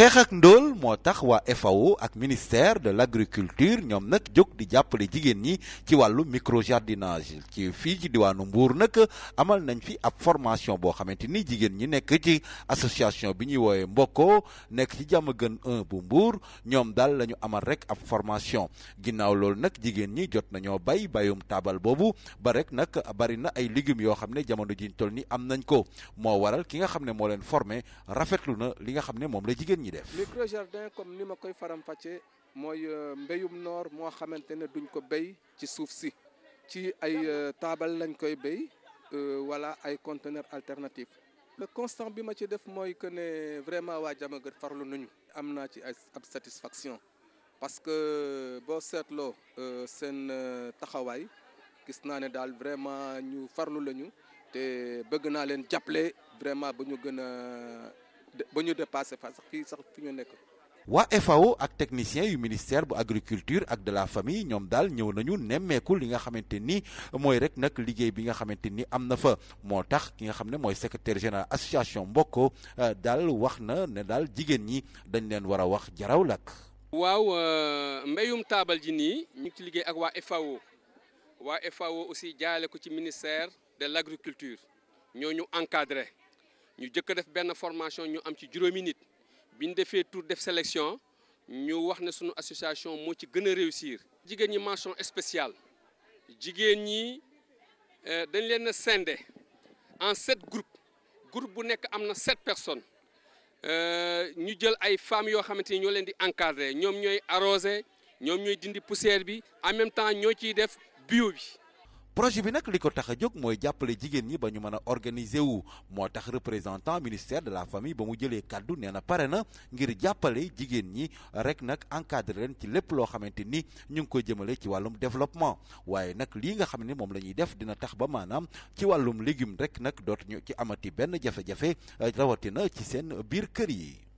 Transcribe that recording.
xeex ak ndóol moo tax FAO ak ministère de l'agriculture ñoom nag jóg di jàppale jigéen ñi ci wàllu micro jardinage ci fii ci diwaanu Mbour nag amal nañ fi ab formation boo xamante ni jigéen ñi nekk ci association bi ñuy woowe Mbokko nekk ci jàmm gën 1 bu Mbour ñoom daal la amal rek ab formation ginnaaw loolu nag jigéen ñi jot nañoo bay bayum tabal boobu ba rek nag bari na ay légumes yoo xam ne jamono jiñ toll ni am nañ ko moo waral ki nga xam ne moo leen formé rafetlu na li nga xam ne la jigéen ñi le micro jardin comme ni ma koy faram-fàccee moy euh, mbeyum noor mo xamantene duñ ko béy ci souf si ci ay euh, table lañ koy béy voilà euh, ay conteneur alternatif. le constat bi ma ci def moy que ne vraiment wa Diamaguène farlu nuñu amna ci ab satisfaction parce que boo seetloo seen taxaway gis na né dal vraiment ñu farlu lañu té bëgg naa vraiment ba ñu bañu ñu dépassé fa sax fi sax fi ñu nekk. wa FAO ak technicien yu ministère bu agriculture ak de la famille ñom dal ñew nañu nemmeeku li nga xamante moy rek nak liggéey bi nga xamante amna na fa motax ki nga xam moy secrétaire général association mboko euh, dal waxna na ne daal jigéen ñi dañ leen wara wax jaraw lak waaw euh, mbeyum taabal ji ni ñu ci liggéey ak wa FAO wa FAO aussi jaale ko ci ministère de l'Agriculture ñoo ñu encadré. Nous jëkk fait def formation ñu am ci une minute. bi fait tour def sélection Nous wax fait une association moo ci gën réussir. une ñi mention spéciale Nous ñi euh, dañ leen en sept groupes groupe bu nekk sept personnes euh, ñu jël ay femmes yoo xamante ni ñoo leen di encadrer ñoom ñooy arroser nous ñooy dindi poussière bi en même temps ñoo ciy des bio bi. projet bi nag li ko tax a jóg mooy jàppale jigéen ñi ba ñu mën a organiser wu moo tax représentant ministère de la famille ba mu jëlee kàddu nee na pare na ngir jàppale jigéen ñi rek nag encadre leen ci lépp loo xamante ni ñu ngi ko jëmale ci wàllum développement waaye nag lii nga xam ne moom la def dina tax ba maanaam ci wàllum légume rek nag dootuñu ci amati benn jafe-jafe rawatina ci seen biir kër yi.